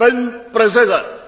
Pan prezydent!